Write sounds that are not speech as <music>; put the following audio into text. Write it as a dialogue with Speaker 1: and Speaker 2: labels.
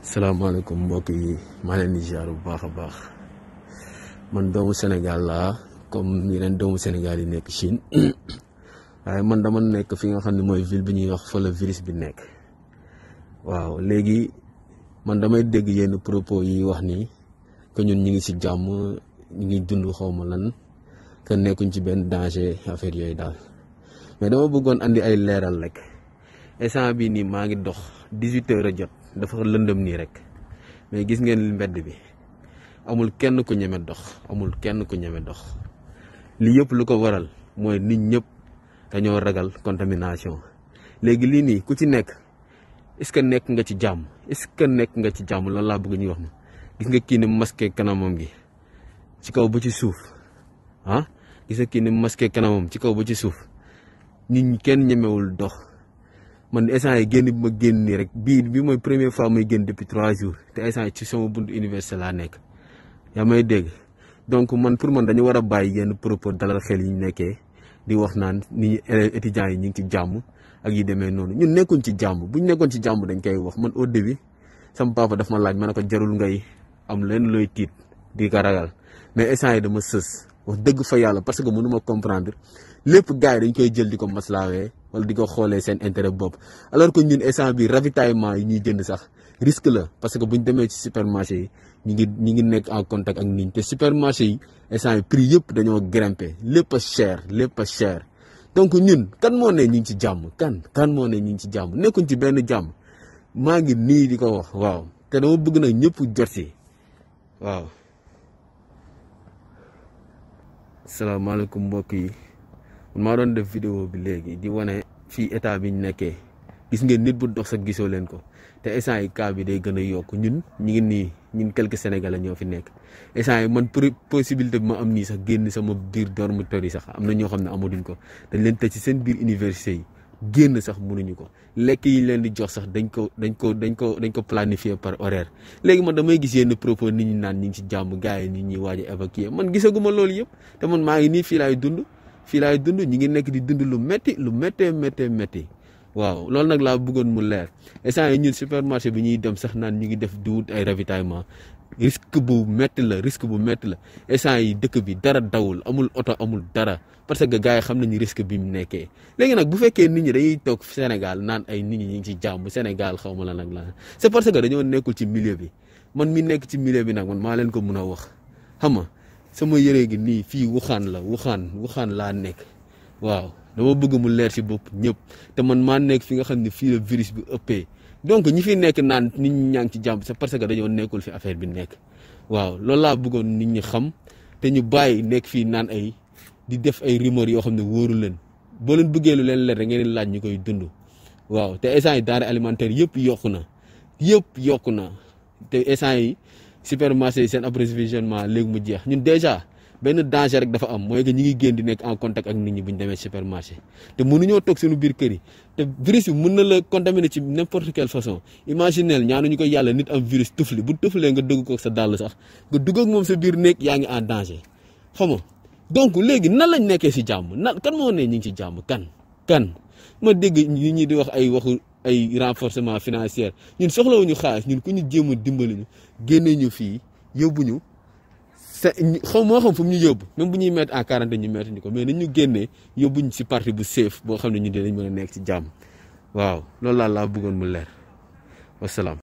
Speaker 1: salaamaaleykum mbokk yi maa leen di bu baax a baax man doomu senegal la comme yeneen doomu senegal yi nekk Chine <coughs> waaye man dama nekk fi nga xam ne mooy ville bi ñuy wax fa la virus bi nekk waaw léegi man damay dégg yenn propos yi wax ni ka ñun ñu ngi ci jàmm ñu ngi dund xaw ma lan. que nekkuñ ci benn danger affaire yooyu daal mais dama bëggoon indi ay leeral rek instant bi nii maa ngi dox 18 heures a jot dafa lëndëm nii rek mais gis ngeen mbedd bi amul kenn ku ñeme dox amul kenn ku ñeme dox lii yëpp lu ko waral mooy nit ñëpp dañoo ragal contamination léegi lii nii ku ci nekk est-ce que nekk nga ci jàmm nekk nga ci jàmm loolu laa bëgg ñuy wax ma gis nga kii ni maske kanamam gi ci kaw ba ci suuf ah gisa kii ni masqué kanamam ci kaw ba ci suuf nit kenn ñemewul dox man instant yi génn bi ma génn nii rek bii bi mooy première fois mooy génn depuis trois jours te instant yi ci sama buntu université laa nekk yaa may dégg donc man pour man dañu war a bàyyi yenn propos dalal xel yi ñu nekkee di wax naan ni ñi étudiants yi ñu ngi ci jàmm ak yi demee noonu ñun nekkuñ ci jàmm bu ñu nekkoon ci jàmm dañ koy wax man au début sama papa daf ma laaj ma ne ko jarul ngay am leen looy tiit di ko ragal mais instant yi wax dëgg fa yàlla parce que mënu ma comprendre lépp gars yi dañ koy jël di ko maslaawee wala di ko xoolee seen intérêt bopp alors que ñun essence bi ravitaillement yi ñuy jënd sax risque la parce que bu ñu demee ci supermarché yi ñu ngi ñu ngi nekk en contact ak nit ñi te supermarché yi essence yi prix yëpp dañoo grimpé lépp a cher lépp a cher donc ñun kan moo ne ñu ngi ci jàmm kan kan moo ne ñu ngi ci jàmm nekkuñ ci benn jàmm maa ngi nii di ko wax waaw te dama bëgg nag ñëpp jot salaamaaleykum mbokk yi man maa doon def vidéo bi léegi di wane fii état bi ñu nekkee gis ngeen nit bu dox sax gisoo leen ko te instant yi cas bi day gën a yokk ñun ñu ngi nii ñun quelques sénégalais ñoo fi nekk. instant yi man possibilité bi ma am nii sax génn sama biir dormitory yi sax am na ñoo xam ne amaduñ ko dañ leen tëj ci seen biir université yi. génn sax munuñu ko lekk yi leen di jox sax dañ ko dañ ko dañ ko dañ ko planifier par horaire léegi man damay gis yenn propos nit ñi naan ñi ngi si jàmm gars yi nit ñi waaj a évacuer man gisaguma loolu yëpp te man maa ngi nii fii laay dund fii laay dund ñu ngi nekk di dund lu métti lu méttee méttee métti waaw loolu nag laa buggoon mu leer instant yi ñun supermarché bi ñuy dem sax naan ñu ngi def di wut ay ravitaillement risque bu metti la risque bu metti la instant yi dëkk bi dara dawul amul oto amul dara parce que gars yi xam nañu risque bi mu nekkee léegi nag bu fekkee nit ñi dañuy toog Sénégal naan ay nit ñi ñi ngi ci jàmm Sénégal xaw ma la nag la c'est parce que dañoo nekkul ci milieu bi man mi nekk ci milieu bi nag man maa leen ko mun a wax xam sama yëre gi nii fii Wuhan la Wuhan Wuhan laa nekk. waaw dama bëgg mu leer si bopp ñëpp te man maa nekk fi nga xam ne fii la virus bi ëppee donc ñi fi nekk naan nit ñi ñaa ngi ci jàmm c'est parce que dañoo nekkul fi affaire bi nekk waaw loolu laa bëggoon nit ñi xam te ñu bàyyi nekk fii naan ay di def ay rumeur yoo xam ne wóoru leen boo leen bëggee lu leen leer da ngeen laaj ñu koy dund waaw te essence yi denrée alimentaire yëpp yokku na yëpp yokku na te essence yi supermarché yi seen approvisionnement léegi mu jeex ñun déjà benn danger rek dafa am mooy que ñi ngi génn di nekk en contact ak nit ñi bu ñu demee supermarché te mënuñoo toog suñu biir kër yi te virus bi mën na la contaminer ci n'importe quelle façon imaginel ñu ko yàlla nit am virus tufli bu tuflee nga dugg ko sa dàll sax nga dugg ak moom sa biir nekk yaa ngi en danger xam nga donc léegi nan lañ nekkee si jàmm nan kan moo ne ñu ngi si jàmm kan kan ma dégg nit ñi di wax ay waxu ay renforcement financier ñun soxlawuñu xaalis ñun ku ñu jéem a dimbali ñu génne ñu fii yóbbu xaw moo xam fu mu ñu yóbbu même bu ñuy mettre à quarante ñu mettre ñu ko mais nañu ñu génnee yóbbuñ si parti bu safe boo xam ne ñu dinañ mën a nekk ci jàmm waaw loolu laa laa bëggoon mu leer wasalaam.